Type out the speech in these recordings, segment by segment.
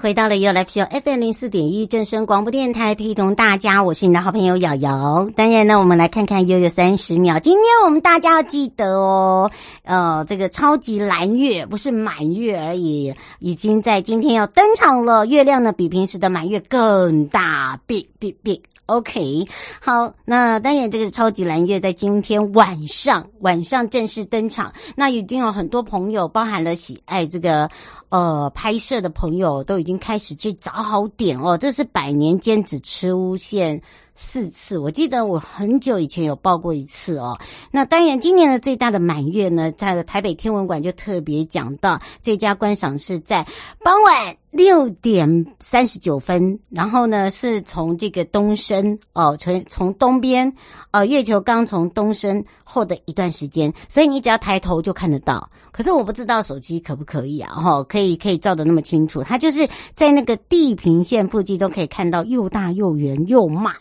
回到了 YOYO FM 104.1正聲廣播電台，陪同大家，我是你的好朋友瑤瑤。當然呢，我們來看看悠悠三十秒。今天我們大家要記得哦，呃，這個超級藍月不是滿月而已，已經在今天要登場了。月亮呢，比平時的滿月更大，big big big。OK，好，那當然這個是超級藍月，在今天晚上晚上正式登場。那已經有很多朋友，包含了喜愛這個。呃，拍攝的朋友都已經開始去找好點哦。這是百年間只出現四次，我記得我很久以前有報過一次哦。那當然，今年的最大的滿月呢，在台北天文館就特別講到，最佳觀賞是在傍晚六點三十九分，然後呢是從這個東升哦、呃，從從東邊，呃，月球剛從東升後的一段時間，所以你只要抬頭就看得到。可是我不知道手機可不可以啊？齁，可以可以照得那麼清楚。它就是在那個地平線附近都可以看到又大又圓又滿，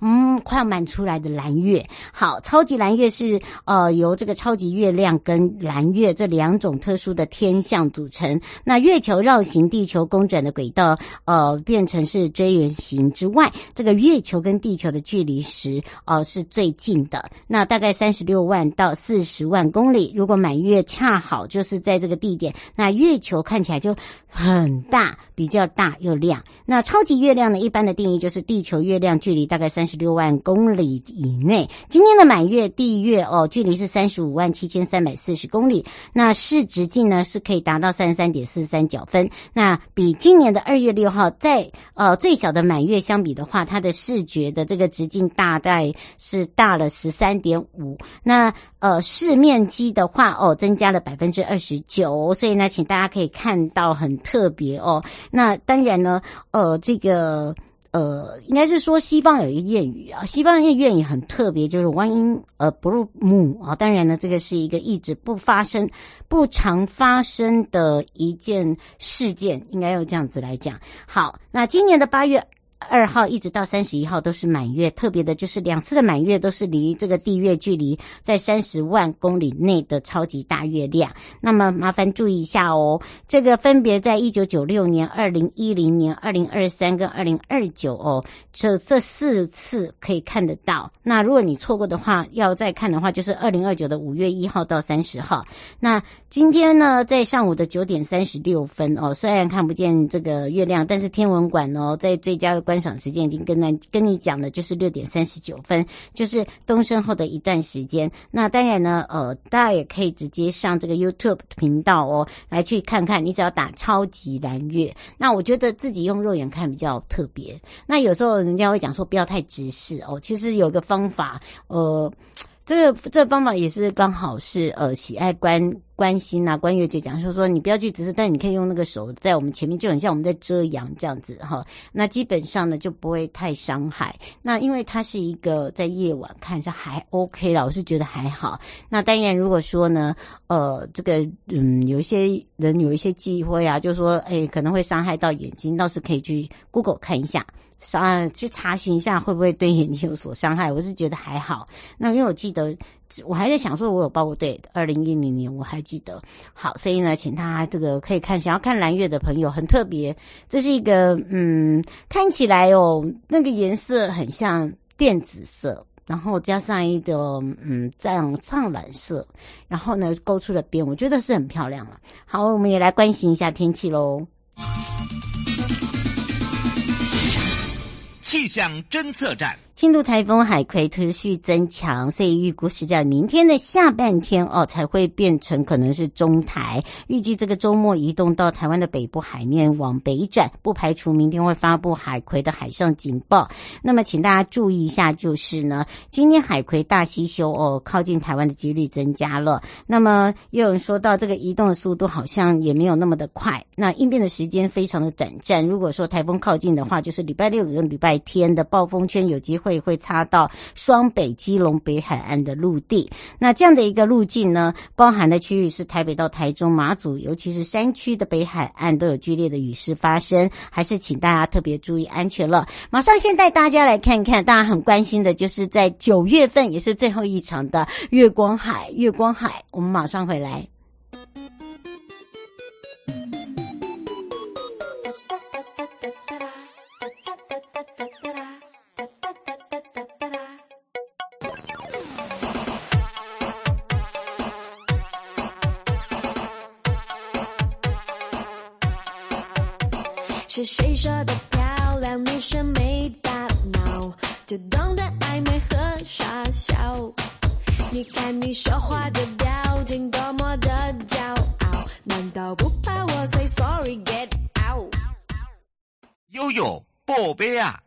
嗯，快滿出來的藍月。好，超級藍月是呃由這個超級月亮跟藍月這兩種特殊的天象組成。那月球繞行地球公轉的軌道呃，變成是橢圓形之外，這個月球跟地球的距離時呃是最近的，那大概三十六萬到四十萬公里。如果滿月恰好。就是在這個地點，那月球看起來就很大，比較大又亮。那超級月亮呢，一般的定義就是地球月亮距離大概三十六萬公里以內。今天的滿月地月哦，距離是三十五萬七千三百四十公里。那視直徑呢是可以達到三十三點四三角分。那比今年的二月六號在呃最小的滿月相比的話，它的視覺的這個直徑大概是大了十三點五。那呃視面積的話哦，增加了百分。分之二十九，29，所以呢，請大家可以看到很特別哦。那當然呢，呃，這個呃，應該是說西方有一個諺語啊，西方的諺語很特別，就是 “once in a blue moon” 啊。當然呢，這個是一個一直不發生、不常發生的一件事件，應該要這樣子來講。好，那今年的八月。二號一直到三十一號都是滿月，特別的就是兩次的滿月都是離這個地月距離在三十萬公里內的超級大月亮。那麼麻煩注意一下哦，這個分別在一九九六年、二零一零年、二零二三跟二零二九哦，這這四次可以看得到。那如果你錯過的話，要再看的話，就是二零二九的五月一號到三十號。那今天呢，在上午的九點三十六分哦，雖然看不見這個月亮，但是天文館哦，在最佳。觀賞時間已經跟跟你講了，就是六點三十九分，就是東升後的一段時間。那當然呢，呃，大家也可以直接上這個 YouTube 頻道哦，來去看看。你只要打“超級藍月”，那我覺得自己用肉眼看比較特別。那有時候人家會講說不要太直視哦，其實有一個方法，呃，這個這個方法也是剛好是呃喜愛觀。關心吶、啊，關月姐講就是、說你不要去直視，但你可以用那個手在我們前面，就很像我們在遮陽這樣子哈。那基本上呢就不會太傷害。那因為它是一個在夜晚看是還 OK 啦，我是覺得還好。那當然如果說呢，呃，這個嗯，有一些人有一些忌諱啊，就說誒、欸、可能會傷害到眼睛，倒是可以去 Google 看一下，查、啊、去查詢一下會不會對眼睛有所傷害。我是覺得還好。那因為我記得。我還在想說，我有報過對，二零一零年我還記得，好，所以呢，請大家這個可以看，想要看藍月的朋友，很特別，這是一個嗯，看起來哦，那個顏色很像靛紫色，然後加上一個嗯，這樣藏藍色，然後呢勾出了邊，我覺得是很漂亮了。好，我們也來關心一下天氣嘍。氣象偵測站。輕度颱風海葵持續增強，所以預估是在明天的下半天哦才會變成可能是中台。預計這個週末移動到台灣的北部海面往北轉，不排除明天會發布海葵的海上警報。那麼請大家注意一下，就是呢，今天海葵大吸修哦，靠近台灣的幾率增加了。那麼又有人說到這個移動的速度好像也沒有那麼的快，那應變的時間非常的短暫。如果說颱風靠近的話，就是禮拜六跟禮拜天的暴風圈有機會。會會插到雙北、基隆、北海岸的陸地。那這樣的一個路徑呢，包含的區域是台北到台中、馬祖，尤其是山區的北海岸都有劇烈的雨勢發生，還是請大家特別注意安全了。馬上先帶大家來看看，大家很關心的就是在九月份，也是最後一場的月光海。月光海，我們馬上回來。誰說的漂亮女生沒大腦，只懂得曖昧和傻笑。你看你說話的表情多麼的驕傲，難道不怕我 say sorry get out？悠悠，寶貝啊！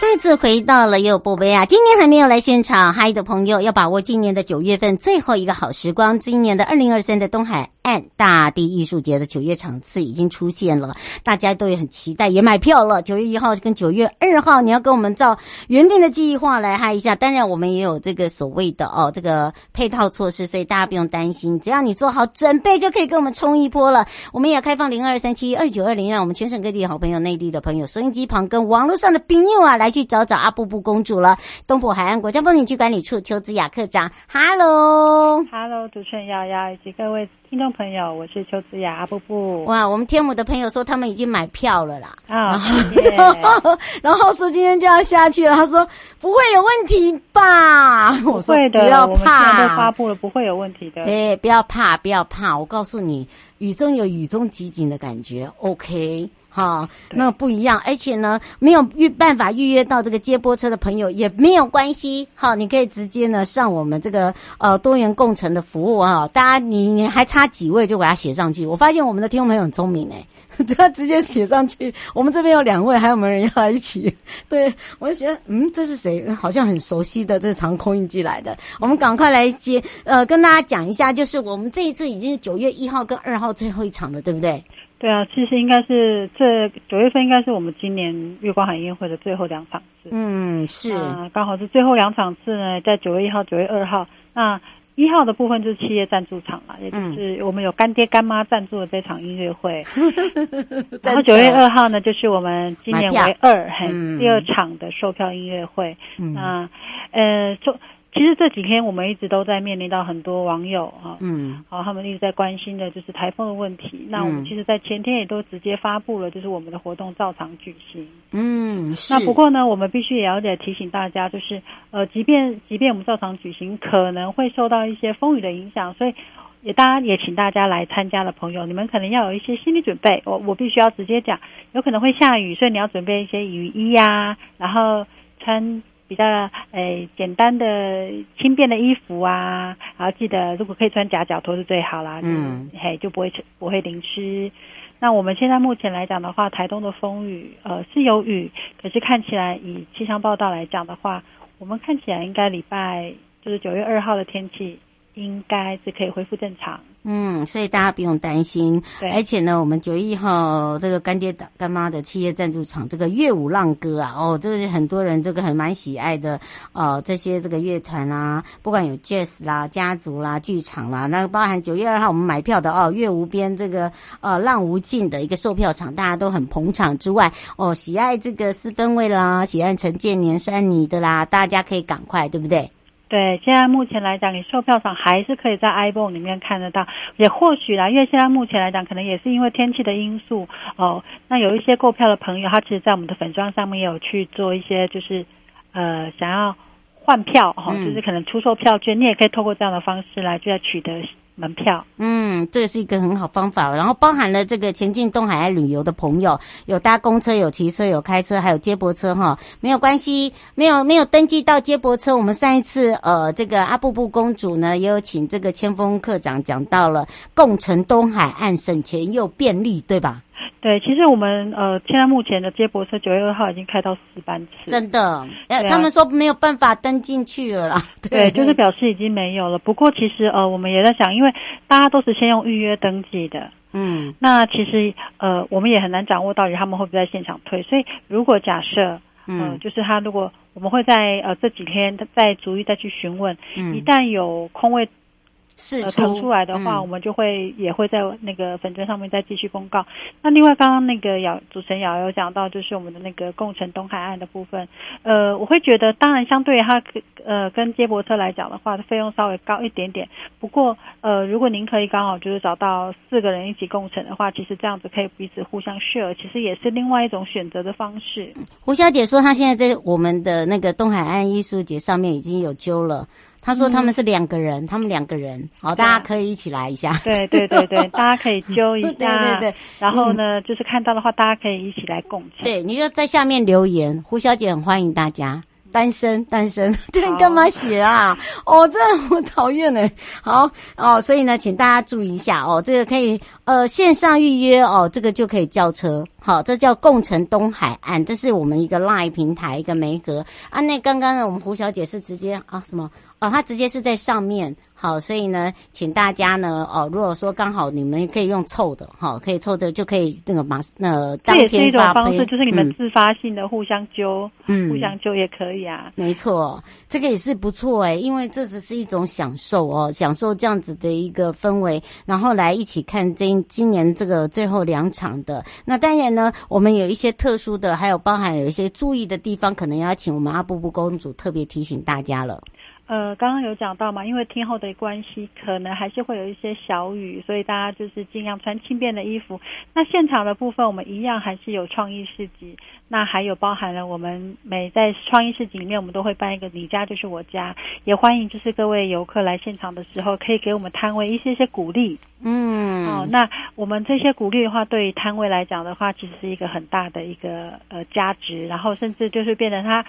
再次回到了悠悠寶貝啊！今年還沒有來現場嗨的朋友，要把握今年的九月份最後一個好時光，今年的二零二三在東海，大地藝術節的九月場次已經出現了，大家都也很期待，也買票了。九月一號跟九月二號，你要跟我們照原定的計劃來嗨一下。當然，我們也有這個所謂的哦，這個配套措施，所以大家不用擔心，只要你做好準備，就可以跟我們衝一波了。我們也開放零二三七二九二零，讓我們全省各地的好朋友、內地的朋友、收音機旁跟網絡上的朋友啊，來去找找阿布布公主了。東部海岸國家風景區管理處邱資雅課長，Hello，Hello，主持人瑤瑤以及各位聽眾。朋友，我是邱資雅，阿布布哇，我們天母的朋友說他們已經買票了啦。啊、oh,，Yeah. 然後說今天就要下去了。他說不會有問題吧？我說不會的，不要怕。發布了，不會有問題的。對，不要怕，不要怕。我告訴你，雨中有雨中奇景的感覺，OK。好，那不一樣，而且呢，沒有預辦法預約到這個接駁車的朋友也沒有關係。好，你可以直接呢上我們這個呃多元共乘的服務哈。大家，你你還差幾位就給他寫上去？我發現我們的聽眾朋友很聰明哎， 他直接寫上去。我們這邊有兩位，還有沒有人要來一起？對，我就覺得，嗯，這是誰？好像很熟悉的，這是長空印記來的。我們趕快來接，呃，跟大家講一下，就是我們這一次已經是九月一號跟二號最後一場了，對不對？對啊，其實應該是這九月份應該是我們今年月光海音樂會的最後兩場次。嗯，是啊，剛好是最後兩場次呢，在九月一號、九月二號。那一號的部分就是企業贊助場了，嗯、也就是我們有乾爹乾媽贊助的這場音樂會。嗯、然後九月二號呢，就是我們今年唯二，票很第二場的售票音樂會。嗯、那，呃，就其實這幾天我們一直都在面臨到很多網友啊，嗯，啊，他們一直在關心的就是台風的問題。嗯，那我們其實，在前天也都直接發佈了，就是我們的活動照常舉行。嗯，那不過呢，我們必須也要再提醒大家，就是呃，即便即便我們照常舉行，可能會受到一些風雨的影響，所以也大家也請大家來參加的朋友，你們可能要有一些心理準備。我我必須要直接講，有可能會下雨，所以你要準備一些雨衣呀，啊，然後穿。比較誒簡單的輕便的衣服啊，然後記得如果可以穿夾腳拖是最好啦，嗯，就嘿，就不會吃，不會淋濕。那我們現在目前來講的話，台東的風雨呃是有雨，可是看起來以氣象報道來講的話，我們看起來應該禮拜就是九月二號的天氣。應該是可以恢復正常，嗯，所以大家不用擔心對。對，而且呢，我們九月一號這個乾爹的乾媽的企業贊助場，這個樂舞浪歌啊，哦，這是很多人這個還蠻喜愛的，哦，這些這個樂團啦，不管有 jazz 啦、家族啦、劇場啦，那包含九月二號我們買票的哦，樂無邊這個呃、哦、浪無盡的一個售票場，大家都很捧場之外，哦，喜愛這個四分衛啦，喜愛陳建年、珊妮的啦，大家可以趕快，對不對？對，現在目前來講，你售票上還是可以在 ibon 裡面看得到，也或許啦，因為現在目前來講，可能也是因為天氣的因素哦。那有一些購票的朋友，他其實，在我們的粉專上面有去做一些，就是，呃，想要換票哈、哦，就是可能出售票券，嗯、你也可以透過這樣的方式來，就要取得。門票，嗯，這個是一個很好方法。然後包含了這個前進東海岸旅遊的朋友，有搭公車，有騎車，有開車，還有接駁車哈，沒有關係，沒有沒有登記到接駁車。我們上一次呃，這個阿布布公主呢，也有請這個千峰課長講到了，共乘東海岸省錢又便利，對吧？對，其實我們呃，現在目前的接駁車九月二號已經開到四班次，真的，呃、欸，啊、他們說沒有辦法登進去了啦，對，對，就是表示已經沒有了。不過其實呃，我們也在想，因為大家都是先用預約登記的，嗯，那其實呃，我們也很難掌握到底他們會不會在現場退，所以如果假設，呃、嗯，就是他如果，我們會在呃這幾天再逐一再去詢問，嗯、一旦有空位。騰出、嗯呃、出來的話，我們就會也會在那個粉專上面再繼續公告。那另外，剛剛那個姚主持人姚姚講到，就是我們的那個共乘東海岸的部分。呃，我會覺得，當然相對於它，呃，跟接駁車來講的話，費用稍微高一點點。不過，呃，如果您可以剛好就是找到四個人一起共乘的話，其實這樣子可以彼此互相 share，其實也是另外一種選擇的方式。胡小姐說，她現在在我們的那個東海岸藝術節上面已經有揪了。他說他們是兩個人，嗯、他們兩個人，好，啊、大家可以一起來一下。對對對對， 大家可以揪一下。 對，對對對，然後呢，嗯、就是看到的話，大家可以一起來共享。對，你就在下面留言，胡小姐很歡迎大家。單身，單身，這你幹嘛寫啊？嗯、哦，這我討厭哎。好哦，所以呢，請大家注意一下哦，這個可以呃線上預約哦，這個就可以叫車。好、哦，這叫共乘東海岸，這是我們一個 Live 平台一個媒合啊。那剛剛呢，我們胡小姐是直接啊什麼？哦，它直接是在上面，好，所以呢，請大家呢，哦，如果說剛好你們可以用湊的，好、哦，可以湊的就可以那個嘛。那個、當天的這方式，就是你們自發性的互相揪，嗯，互相揪也可以啊，沒錯，這個也是不錯誒、欸，因為這只是一種享受哦，享受這樣子的一個氛圍，然後來一起看今今年這個最後兩場的，那當然呢，我們有一些特殊的，還有包含有一些注意的地方，可能要請我們阿布布公主特別提醒大家了。呃，剛剛有講到嘛，因為天候的關係，可能還是會有一些小雨，所以大家就是儘量穿輕便的衣服。那現場的部分，我們一樣還是有創意市集，那還有包含了我們每在創意市集裡面，我們都會辦一個“你家就是我家”，也歡迎就是各位遊客來現場的時候，可以給我們攤位一些一些鼓勵。嗯，哦，那我們這些鼓勵的話，對於攤位來講的話，其實是一個很大的一個呃價值，然後甚至就是變成它。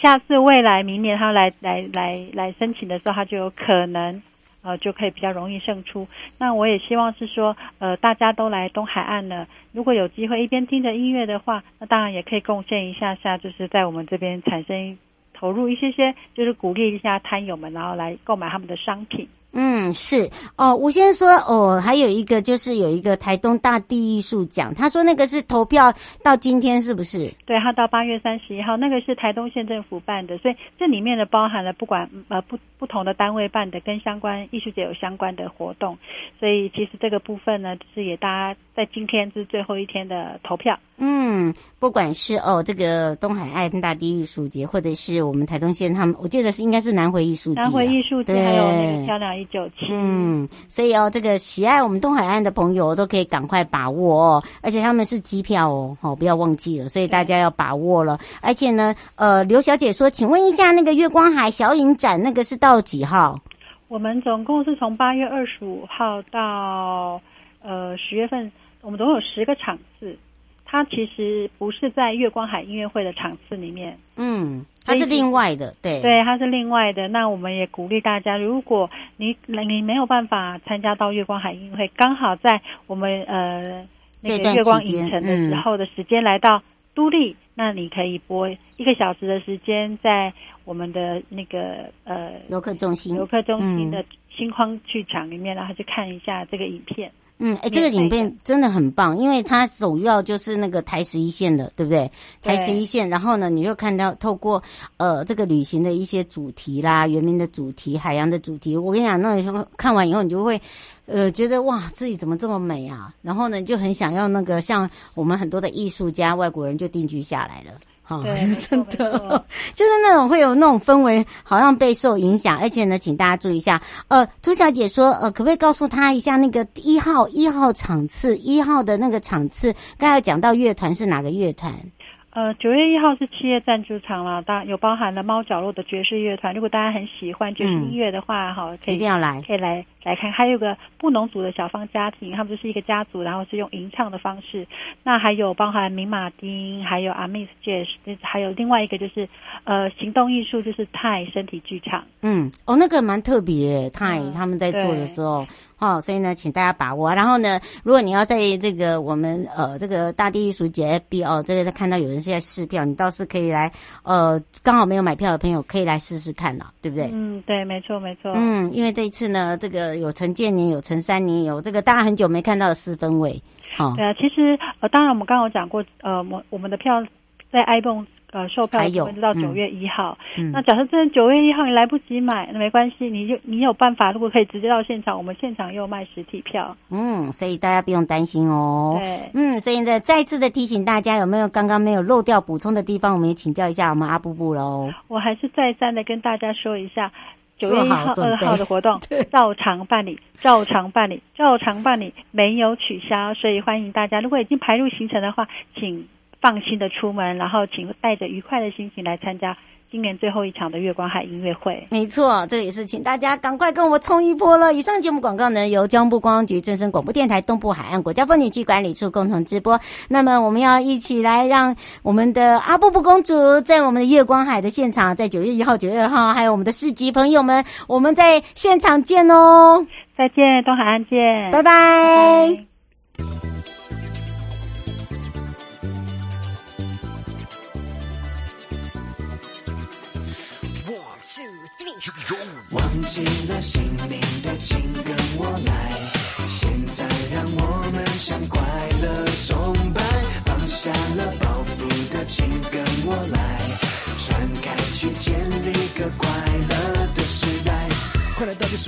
下次未來明年他來來來來申請的時候，他就有可能，呃，就可以比較容易勝出。那我也希望是說，呃，大家都來東海岸了，如果有機會一邊聽着音樂的話，那當然也可以貢獻一下下，就是在我們這邊產生投入一些些，就是鼓勵一下攤友們，然後來購買他們的商品。嗯，是哦，我先說哦，還有一個就是有一個台東大地藝術獎，他說那個是投票到今天是不是？對，他到八月三十一號，那個是台東縣政府辦的，所以這裡面呢包含了不管呃不不同的單位辦的，跟相關藝術節有相關的活動，所以其實這個部分呢，就是也大家在今天是最後一天的投票。嗯，不管是哦這個東海岸大地藝術節，或者是我們台東縣他們，我記得是應該是南回藝術節，南回藝術節，對還有那個漂鳥藝術。嗯，所以哦，這個喜愛我們東海岸的朋友都可以趕快把握哦，而且他們是機票哦，好、哦、不要忘記了，所以大家要把握了。對而且呢，呃，劉小姐說，請問一下，那個月光海小影展那個是到幾號？我們總共是從八月二十五號到呃十月份，我們總共有十個場次。它其實不是在月光海音樂會的場次裡面，嗯，它是另外的，對，對，它是另外的。那我們也鼓勵大家，如果你你沒有辦法參加到月光海音樂會，剛好在我們呃那個月光影城的時候的時間來到都歷，嗯、那你可以撥一個小時的時間，在我們的那個呃遊客中心遊客中心的星光劇場裡面，嗯、然後去看一下這個影片。嗯，哎、欸，這個影片真的很棒，因為它主要就是那個台十一線的，對不對？對，台十一線，然後呢，你就看到透過呃這個旅行的一些主題啦、原民的主題、海洋的主題，我跟你講，那個、看完以後你就會，呃，覺得哇，自己怎麼這麼美啊？然後呢，就很想要那個像我們很多的藝術家、外國人就定居下來了。好像、哦、對真的，就是那種會有那種氛圍，好像被受影響。而且呢，請大家注意一下，呃，朱小姐說，呃，可不可以告訴她一下那個一號一號場次一號的那個場次，剛才有講到樂團是哪個樂團？呃，九月一號是七月贊助場了，當然有包含了貓角落的爵士樂團，如果大家很喜歡爵士音樂的話，哈，一定要來，可以來來看。還有個布農族的小方家庭，他們就是一個家族，然後是用吟唱的方式。那還有包含明馬丁，還有阿 Miss Jazz，還有另外一個就是，呃，行動藝術就是泰身體劇場。嗯，哦，那個蠻特別泰，呃，他們在做的時候。哦，所以呢，請大家把握。然後呢，如果你要在這個我們呃這個大地藝術節 FB 哦，這個看到有人現在，試票，你倒是可以來，呃，剛好沒有買票的朋友可以來試試看啦，對不對？嗯，對，沒錯，沒錯。嗯，因為這一次呢，這個有陳建年，有陳三年，有這個大家很久沒看到的四分衛。好、哦。對啊，其實呃，當然我們剛剛有講過，呃，我我們的票在 ibon 呃，售票一直到九月一號。嗯，那假設真的九月一號你來不及買，那、嗯、沒關係，你就你有辦法。如果可以直接到現場，我們現場又賣實體票。嗯，所以大家不用擔心哦。對，嗯，所以呢，再次的提醒大家，有沒有剛剛沒有漏掉補充的地方？我們也請教一下我們阿布布嘍。我還是再三的跟大家說一下，九月一號、二號的活動對照常，照常辦理，照常辦理，照常辦理，沒有取消，所以歡迎大家。如果已經排入行程的話，請。放心的出門，然後請帶着愉快的心情來參加今年最後一場的月光海音樂會。沒錯，這也是請大家趕快跟我們衝一波了。以上節目廣告呢，由交通部觀光局、正聲廣播電台、東部海岸國家風景區管理處共同直播。那麼，我們要一起來讓我們的阿布布公主在我們的月光海的現場，在九月一號、九月二號，還有我們的市集朋友們，我們在現場見哦！再見，東海岸見，拜拜 bye。Bye bye 忘記了姓名的，請跟我來。現在讓我們向快樂衝！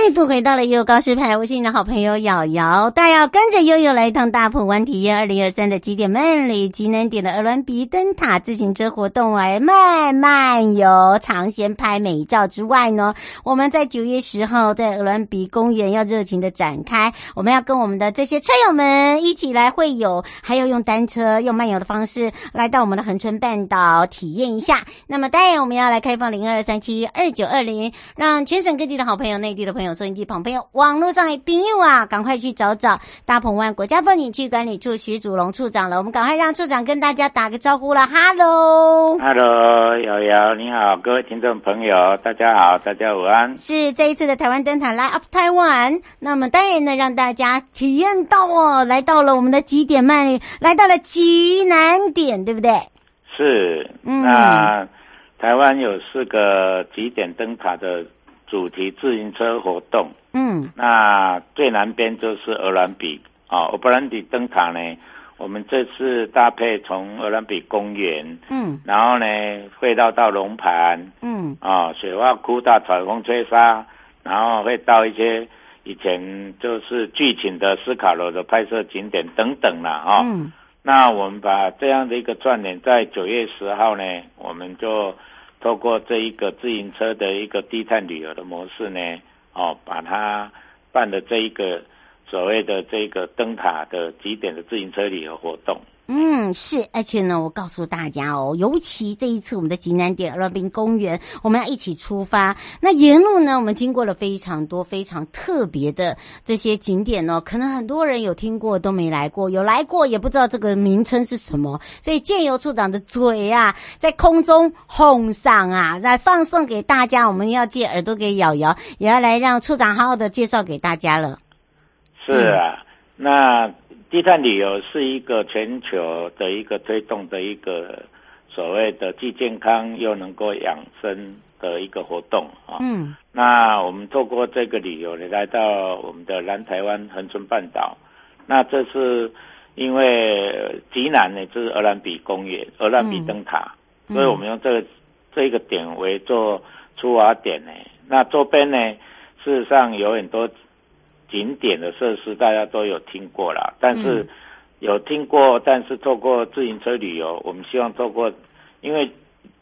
再度回到了悠悠告示牌，我是你的好朋友瑤瑤，大家要跟着悠悠來一趟大鵬灣體驗二零二三的極點慢旅，極南點的鵝鑾鼻燈塔自行車活動，而漫漫遊、嚐鮮、拍美照之外呢，我們在九月十號在鵝鑾鼻公園要熱情的展開，我們要跟我們的這些車友們一起來會友，還要用單車用漫遊的方式來到我們的恆春半島體驗一下。那麼當然，我們要來開放零二三七二九二零，讓全省各地的好朋友、內地的朋友。收音機旁邊、有網絡上的朋友啊，趕快去找找大鵬灣國家風景區管理處許主龍處長了。我們趕快讓處長跟大家打個招呼了。Hello，Hello，Yoyo，你好，各位聽眾朋友，大家好，大家午安。是這一次的台灣燈塔 Light up Taiwan。那麼當然呢，讓大家體驗到哦，來到了我們的極點慢旅，來到了極南點，對不對？是，那、嗯、台灣有四個極點燈塔的。主題自行車活動，嗯，那最南邊就是鵝鑾鼻啊，鵝、哦、鑾鼻燈塔呢。我們這次搭配從鵝鑾鼻公園，嗯，然後呢，會到到龍盤，嗯，啊、哦，水蛙窟到彩風吹沙，然後會到一些以前就是劇情的斯卡羅的拍攝景點等等啦、哦、嗯，那我們把這樣的一個串聯，在九月十號呢，我們就。透過這一個自行車的一個低碳旅遊的模式呢，哦，把它辦的這一個。所謂的這個燈塔的極點的自行車旅遊活動，嗯，是，而且呢，我告訴大家哦，尤其這一次我們的極南點鵝鑾鼻公園，我們要一起出發。那沿路呢，我們經過了非常多、非常特別的這些景點哦。可能很多人有聽過，都沒來過；有來過，也不知道這個名稱是什麼。所以，藉由處長的嘴啊，在空中哄上啊，來放送給大家。我們要借耳朵給瑤瑤，也要來讓處長好好的介紹給大家了。是啊，那低碳旅遊是一個全球的一個推動的一個所謂的既健康又能夠養生的一個活動啊。嗯，那我們透過這個旅遊呢，來到我們的南台灣恆春半島。那這是因為極南呢，就是鵝鑾鼻公園、鵝鑾鼻燈塔，嗯嗯、所以我們用這個這個點為做出發點呢。那周邊呢，事實上有很多。景點的設施大家都有聽過啦，但是有聽過，但是透過自行車旅遊，我們希望透過，因為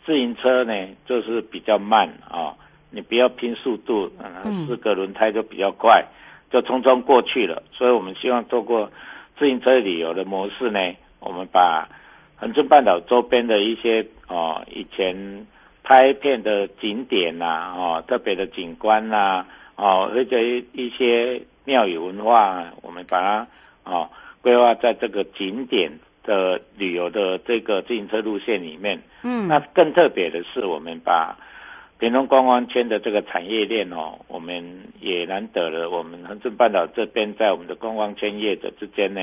自行車呢就是比較慢啊、哦，你不要拼速度，四個輪胎就比較快，就匆匆過去了。所以我們希望透過自行車旅遊的模式呢，我們把恆春半島周邊的一些哦以前拍片的景點吶、啊，哦特別的景觀吶、啊，哦而且一些。廟宇文化，我們把它哦規劃在這個景點的旅遊的這個自行車路線裡面。嗯，那更特別的是，我們把屏南觀光圈的這個產業鏈哦，我們也難得了。我們恆春半島這邊，在我們的觀光圈業者之間呢，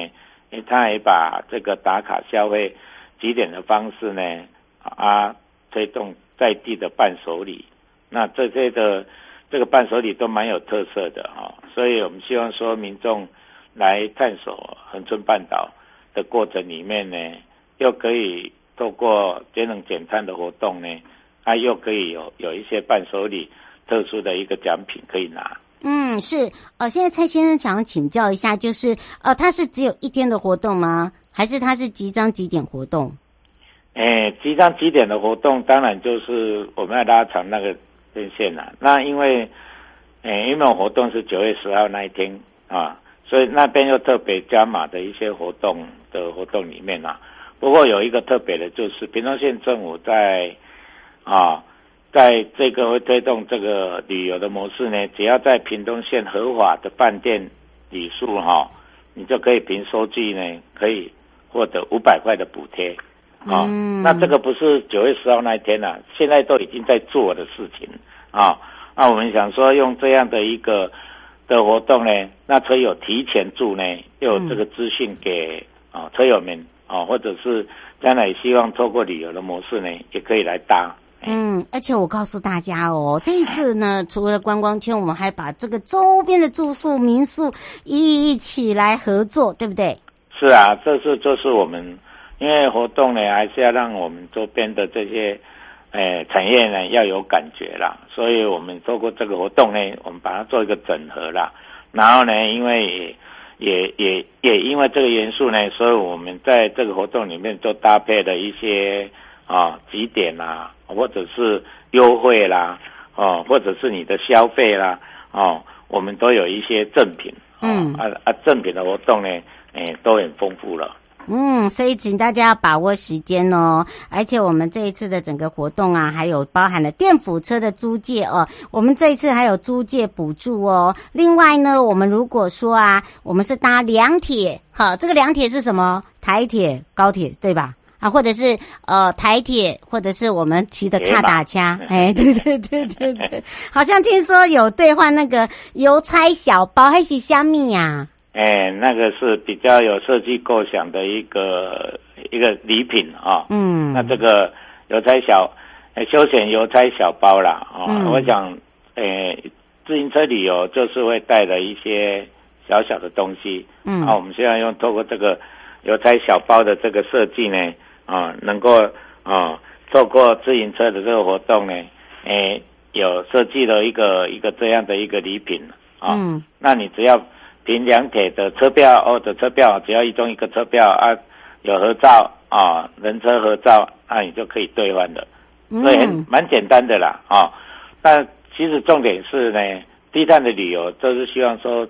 因為他還把這個打卡消費集點的方式呢啊，推動在地的伴手禮，那這些的。這個伴手禮都蠻有特色的哈、哦，所以我們希望說民眾來探索恆春半島的過程裡面呢，又可以透過節能減碳的活動呢，啊，又可以有有一些伴手禮特殊的一個獎品可以拿。嗯，是哦、呃。現在蔡先生想要請教一下，就是呃，他是只有一天的活動嗎？還是他是集章集點活動？哎，集章集點的活動當然就是我們要拉長那個。變現了，那因為，誒、欸，因為我活動是九月十號那一天啊，所以那邊又特別加碼的一些活動的活動裡面啊，不過有一個特別的就是屏東縣政府在，啊，在這個會推動這個旅遊的模式呢，只要在屏東縣合法的飯店旅宿哈，你就可以憑收據呢，可以獲得五百塊的補貼。啊，哦嗯、那這個不是九月十號那一天了，啊，現在都已經在做的事情啊，哦。那我們想說用這樣的一個的活動呢，那車友提前住呢，又有這個資訊給啊、嗯哦、車友們啊，哦，或者是將來希望透過旅遊的模式呢，也可以來搭。哎、嗯，而且我告訴大家哦，這一次呢，除了觀光圈，我們還把這個周邊的住宿民宿一起來合作，對不對？是啊，這是這是我們。因為活動呢，還是要讓我們周邊的這些，誒、呃、產業呢要有感覺啦，所以我們透過這個活動呢，我們把它做一個整合啦。然後呢，因為也也也,也因為這個元素呢，所以我們在這個活動裡面就搭配了一些啊集點啦、啊，或者是優惠啦，哦、啊，或者是你的消費啦，哦、啊，我們都有一些贈品，啊、嗯，啊啊贈品的活動呢，誒、呃、都很豐富了。嗯，所以請大家要把握時間哦。而且我們這一次的整個活動啊，還有包含了電輔車的租借哦。我們這一次還有租借補助哦。另外呢，我們如果說啊，我們是搭兩鐵，好，這個兩鐵是什麼？台鐵、高鐵對吧？啊，或者是呃，台鐵，或者是我們騎的卡打車。哎、欸嗎欸，對對對對對，好像聽說有兌換那個郵差小包還是什麼呀、啊？哎，那個是比較有設計構想的一個一個禮品啊。哦、嗯，那這個郵差小，哎，休閒郵差小包啦。啊、哦。嗯，我想，哎，自行車旅遊就是會帶着一些小小的東西。嗯。啊，我們現在用透過這個郵差小包的這個設計呢，啊、呃，能夠啊，透、呃、過自行車的這個活動呢，哎，有設計了一個一個這樣的一個禮品啊。哦嗯，那你只要。憑兩鐵的車票或者、哦、車票，只要一中一個車票啊，有合照啊，人車合照，那、啊、你就可以兌換的，所以很蠻簡單的啦啊、哦。但其實重點是呢，低碳的旅遊就是希望說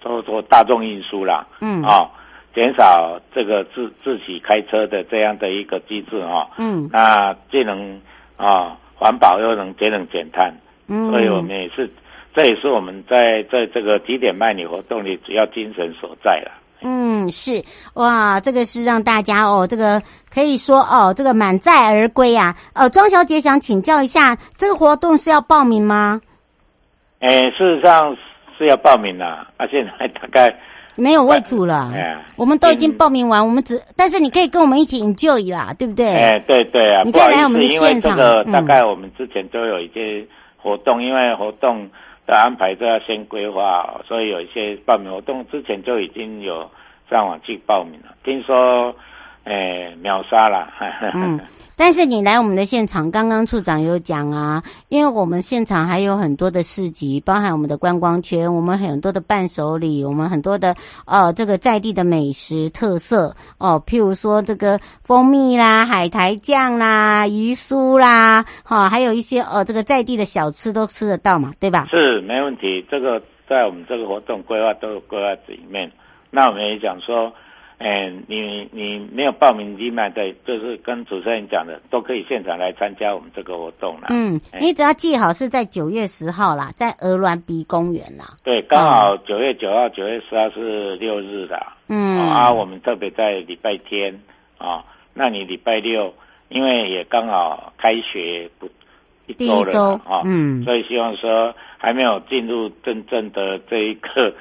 多做大眾運輸啦，嗯啊、哦，減少這個自自己開車的這樣的一個機制啊，哦、嗯，那既能啊，環、哦、保又能節能減碳，嗯，所以我們也是。這也是我們在在這個極點慢旅活動裡主要精神所在了。嗯，是哇，這個是讓大家哦，這個可以說哦，這個滿載而歸啊，呃、哦，莊小姐想請教一下，這個活動是要報名嗎？哎，事實上是要報名啦。而、啊、且在大概沒有位子了。哎，嗯、我們都已經報名完，我們只但是你可以跟我們一起 enjoy 啦，對不對？哎，對對啊。你可以來我們的線上。這個大概我們之前都有一些活動，嗯、因為活動。要安排，都要先規劃，所以有一些報名活動之前就已經有上網去報名了。聽說。哎、欸，秒殺了！嗯， 但是你來我們的現場，剛剛處長有講啊，因為我們現場還有很多的市集，包含我們的觀光圈，我們很多的伴手禮，我們很多的呃這個在地的美食特色哦、呃，譬如說這個蜂蜜啦、海苔醬啦、魚酥啦，哈、啊，還有一些呃這個在地的小吃都吃得到嘛，對吧？是，沒問題，這個在我們這個活動規劃都有規劃在裡面。那我們也講說。嗯、欸、你你沒有報名進來對，就是跟主持人講的，都可以現場來參加我們這個活動啦。嗯，欸、你只要記好是在九月十號啦，在鵝銮鼻公園啦。對，剛好九月九號、九、嗯、月十號是六日的。哦、嗯啊，我們特別在禮拜天啊、哦，那你禮拜六，因為也剛好開學不一周了啊，一哦、嗯，所以希望說還沒有進入真正的這一刻。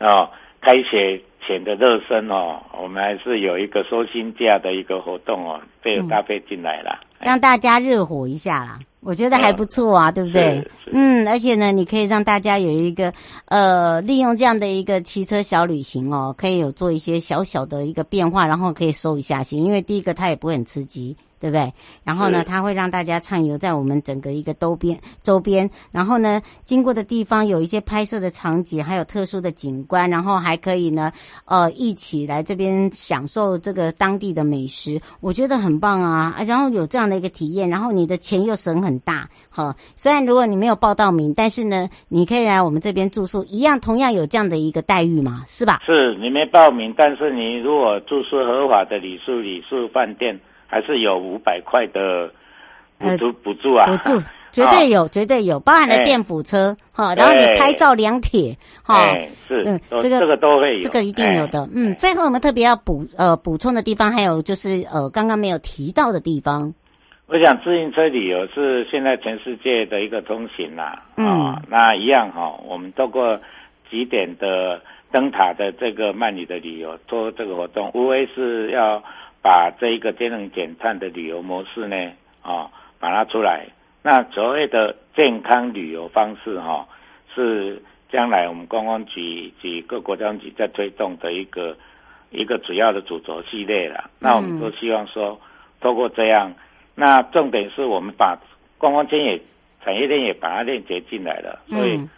啊、哦、開學。前的熱身哦，我們還是有一個收心價的一個活動哦，被搭配進來啦、嗯，讓大家熱火一下啦。我覺得還不錯啊，嗯、對不對？嗯，而且呢，你可以讓大家有一個呃，利用這樣的一個騎車小旅行哦，可以有做一些小小的一個變化，然後可以收一下心，因為第一個它也不會很刺激，對不對？然後呢，它是會讓大家暢遊在我們整個一個周邊周邊，然後呢，經過的地方有一些拍攝的場景，還有特殊的景觀，然後還可以呢，呃，一起來這邊享受這個當地的美食，我覺得很棒啊！然後有這樣的一個體驗，然後你的錢又省很大，好。雖然如果你沒有報到名，但是呢，你可以來我們這邊住宿，一樣同樣有這樣的一個待遇嘛，是吧？是，你沒報名，但是你如果住宿合法的旅宿，旅宿飯店。還是有五百塊的補助補助啊，補助絕對有，絕對有，包含了電輔車哈，然後你拍照兩鐵哈，是，這個這個都會有，這個一定有的，嗯，最後我們特別要補呃補充的地方，還有就是呃剛剛沒有提到的地方，我想自行車旅遊是現在全世界的一個通行啦，啊，那一樣哈，我們透過極點的燈塔的這個慢旅的旅遊做這個活動，無非是要。把這一個節能減碳的旅遊模式呢，啊、哦，把它出來。那所謂的健康旅遊方式，哈、哦，是將來我們觀光局及各國觀光局在推動的一個一個主要的主軸系列了。那我們都希望說，嗯、透過這樣，那重點是我們把觀光產業產業鏈也把它鏈接進來了。所以，嗯、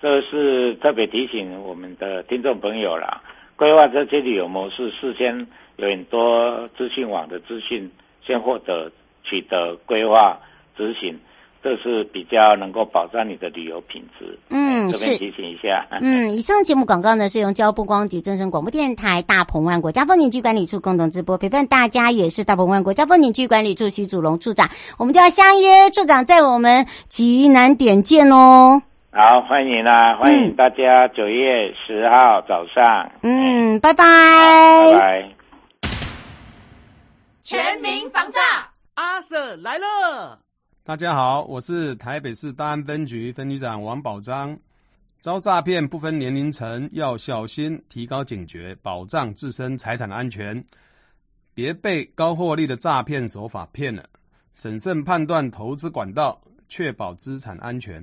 這是特別提醒我們的聽眾朋友啦。規劃這些旅遊模式，事先有很多資訊網的資訊，先獲得取得規劃執行，這是比較能夠保障你的旅遊品質。嗯，這邊提醒一下。嗯，以上節目廣告呢是由交通部觀光局正聲廣播電台大鵬灣國家風景區管理處共同直播，陪伴大家，也是大鵬灣國家風景區管理處許主龍處長，我們就要相約處長在我們極南點見哦。好，歡迎啦、啊，歡迎大家九月十號早上。嗯，嗯拜拜。好拜拜。全民防詐，阿 Sir 來了。大家好，我是台北市大安分局分局長王寶章。遭詐騙不分年齡層，要小心，提高警覺，保障自身財產的安全，別被高獲利的詐騙手法騙了。審慎判斷投資管道，確保資產安全。